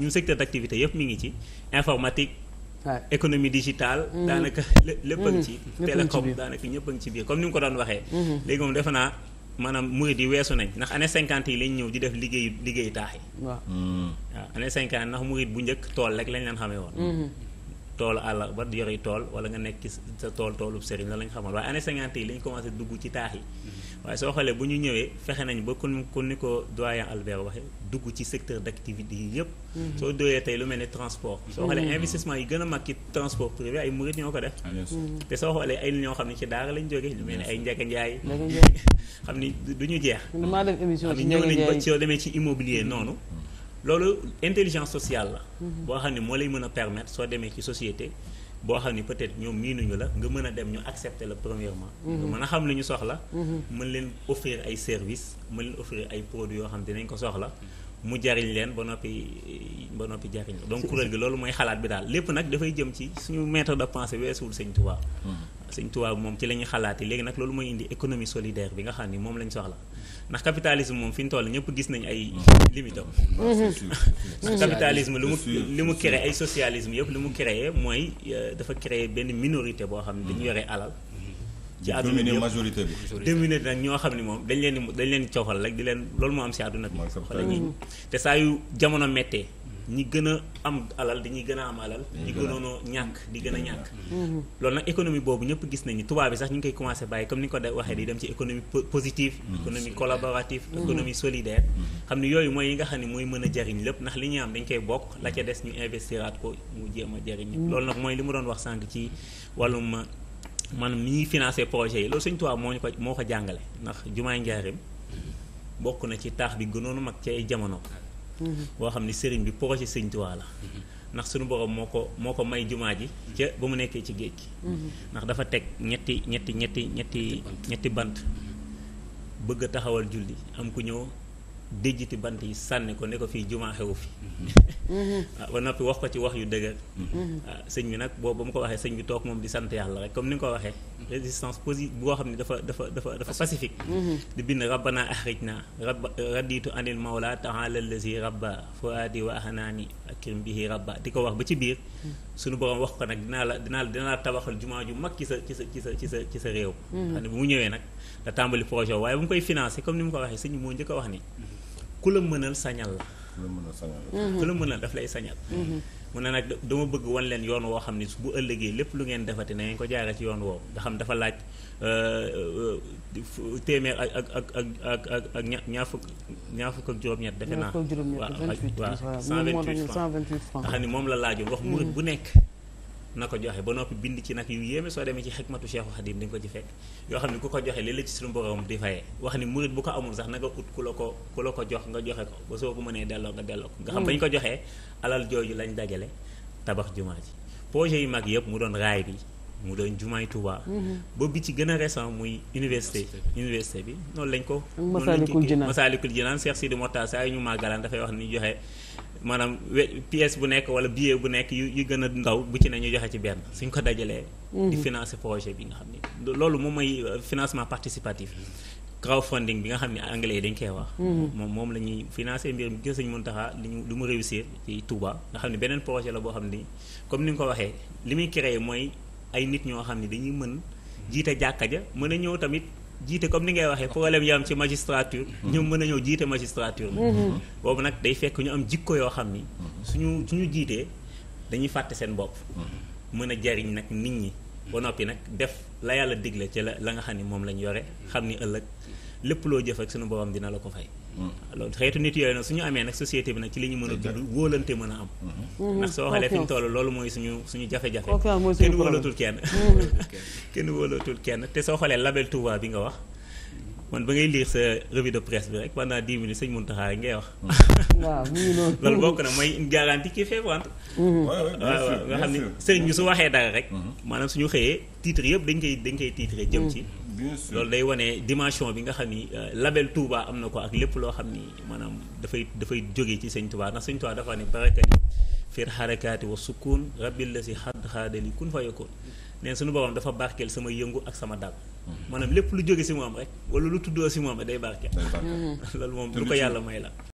ñun secteur d'activité yëpp mu ngi ci informatique économie digitale mm-hmm. daanaka mm-hmm. lépp a ngi ci télécom daanaka ñëpp a ngi ci biir comme ni mu ko doon waxee mm-hmm. léegi moom defe naa maanaam murid yi weesu nañ ndax anne cinquante yi lañ ñëw di def liggéeyu liggéey taax yi waaw mm. année cinquante ndax murid bu njëkk tool rek lañ leen xamee woon toolu àll ba yore tool wala nga nekk sa tool toolu sëriñ la lañ xamal waaye année cinquante yi lañ commencé dugg ci taax yi mm-hmm. waaye soo xoolee bu ñu ñëwee fexe nañu ba kon kon ni ko doyen Albert waxee dugg ci secteur d'activité yi yëpp mm-hmm. soo dooyee tey lu mel ne transport soo xoolee mm-hmm. investissement yi gën a mag ci transport privé ay murit ñoo ko def ah, te soo xoolee ay ñoo xam ne ci daara lañ jógee lu mel ne ay Njaga Njaay xam ni du ñu jeex xam ni ñëw nañ ba soo demee ci immobilier noonu loolu intelligence sociale la. Mhm. boo xam ne moo lay mën a permettre soo demee ci société boo xam ni peut-être ñoom miinuñu la nga mën a dem ñu accepter la premièrement. Mhm. nga mën a xam li ñu soxla. Mhm. mën leen offrir ay services mën leen offrir ay produits yoo xam dinañ ko soxla. mu jariñ leen ba noppi ba noppi jariñ donc kuréel gi loolu mooy xalaat bi daal lépp nag dafay jëm ci suñu maître de pensée weesuwul sëñ Tuubaa mm-hmm. sëñ Tuubaa moom ci la ñuy xalaatee léegi nag loolu mooy indi économie solidaire bi nga xam ni moom lañ soxla ndax capitalisme moom fi ñu toll ñëpp gis nañ ay mm-hmm. limitam mm-hmm. capitalisme lu mu li mu créé ay socialisme yëpp li mu créé mooy euh, dafa créé benn minorité boo xam ne dañu yore alal ci àdduna bi dominer majorité bi. dominer nag ñoo xam ne moom dañ leen di dañ leen coofal rek di leen loolu moo am si àdduna bi. te saa yu jamono méttee. ñi gën a am alal dañuy gën a am alal. ñi gënoonoo ñàkk di gën a ñàkk. Mm-hmm. loolu nag économie boobu ñëpp gis nañu tubaab bi sax ñu ngi koy commencé bàyyi comme ni nga ko waxee di dem ci économie positive. Mm-hmm. économie collaborative. Mm-hmm. économie solidaire. xam ne yooyu mooy yi nga xam ne mooy mën a jariñ lépp ndax li ñuy am dañ koy bokk la ca des ñu investiraat ko mu jéem a jariñ. loolu nag mooy li mu doon wax sànq ci maanaam ni ñuy financer projet yi loolu sëñ Tuubaa moo ko moo ko jàngale ndax jumaay njaarim bokk na ci taax bi gënoon mag ci ay jamono. Mm-hmm. boo xam ni sëriñ bi projet sëñ Tuubaa la. Mm-hmm. ndax suñu borom moo ko moo ko may jumaa ji ca ba mu nekkee ci géej gi. Mm-hmm. ndax dafa teg ñetti ñetti ñetti ñetti ñetti bant bëgg a taxawal julli am ku ñëw. déjjiti bant yi sànni ko ne ko fii jumaa xewu fi mhm. ah, ba noppi wax ko ci wax yu dëgër mhm. ah, sëñ bi nag boobu ba mu ko waxee sëñ bi toog moom di sant yàlla rek comme ni nga ko waxee mhm. résistance positive boo xam ne dafa dafa dafa dafa pacifique di bind rabbana axrijna rabba raditu anil mawla taala allazi rabba fuadi wa ahanaani akrim bihi rabba di ko wax ba ci biir suñu borom wax ko nag dinaa la dinaa la dinaa tabaxal jumaa ju mag ci sa ci sa ci sa ci sa ci sa réew mm-hmm. xam ne bu mu ñëwee nag da tàmbali projet waaye bu mu koy financé comme ni mu ko waxee sëñ moo njëkk a wax ni ku la mënal sañal la ku la mënal mm-hmm. daf lay sañal mm-hmm. mu ne nag dama bëgg wan leen yoon woo xam ni bu ëllëgee lépp lu ngeen defate na ngeen ko jaaree ci yoon woowu nga xam dafa laaj euh, euh, téeméer ak ak ak ña ak ñaar fukk ñaar fukk ak juróom-ñett defe naa. ñaar fukk ak juróom-ñett 28 francs xam ni moom la laajoon wax murit bu nekk. na ko joxe ba noppi bind ci nag yu yéeme soo demee ci xikmatu Cheikhu Xadim di nga ko ci fekk yoo xam ne ku ko joxe li la ci suñu borom di fayee wax ni murit bu ko amul sax na nga ut ku la ko ku la ko jox nga joxe ko ba soo ko mënee delloo nga delloo ko nga xam mm. bañ ko joxe alal jooju lañ dajale tabax jumaa ji projet yu mag yëpp mu doon raay bi mu doon jumaay Touba. Mhm. ba bi ci gën a récent muy université. université bi noonu lañ ko. Masaalikul Jinaan Masaalikul Jinaan Cheikh Sidi Mokhtar saa yu ñu màggalaan dafay wax ni joxe maanaam pièce bu nekk wala billet bu nekk yu yu gën a ndaw bu ci ne ñu joxe ci benn suñ ko dajalee. Mhm. di financer projet bi nga xam ne loolu moom mooy euh, financement participatif. crowdfunding bi nga xam ne anglais yi dañ koy wax. Mhm. moom moom la ñuy financé mbir mi gis nañu Mountakha li ñu li mu réussir ci Touba nga xam ne beneen projet la boo xam ni comme ni nga ko waxee li muy mooy ay nit ñoo xam ne dañuy mën jiite jàkka ja mën a ñëw tamit jiite comme ni ngay waxee problème yi am ci magistrature ñoom mën a ñëw jiite magistrature boobu nag day fekk ñu am jikko yoo xam ni suñu suñu jiitee dañuy fàtte seen bopp mën a jariñ nag nit ñi ba noppi nag def la yàlla digle ci la la nga xam ni moom lañ yore xam ni ëllëg lépp loo jëf ak suñu borom dina la ko fay Mm. loolu xeetu nit yooyu nag suñu amee nag société bi nag ci li ñu mën a dund wóolante mën a am mm-hmm. ndax soo xoolee fi ñu toll loolu mooy suñu suñu jafe-jafe kenn wóolatul kenn mm-hmm. kenn wóolatul kenn te soo xoolee label Touba bi nga wax man ba ngay liir sa revie de presse bi rek pendant dix minutes sëñ Mountakha ngay wax. Mm-hmm. waaw mu ngi noonu. loolu bokk na mooy une garantie qui fait vendre. waaw nga xam ne sëriñ bi su waxee dara rek. maanaam suñu xëyee titre yëpp dañ koy dañ koy titre jëm ci. bien loolu day wane dimension bi nga xam ni euh, label Touba am na ko ak lépp loo xam ni maanaam dafay dafay jóge ci sëñ Touba ndax sëñ Touba dafa ne baraka ni fiir xarakaati wa sukkuun rabbil la si xadd xaadali kun fa yakun neen suñu boppam dafa barkeel sama yëngu ak sama dal mhm. maanaam lépp lu jóge si moom rek wala lu tuddoo si moom rek day barkeel mhm. loolu moom lu ko yàlla may la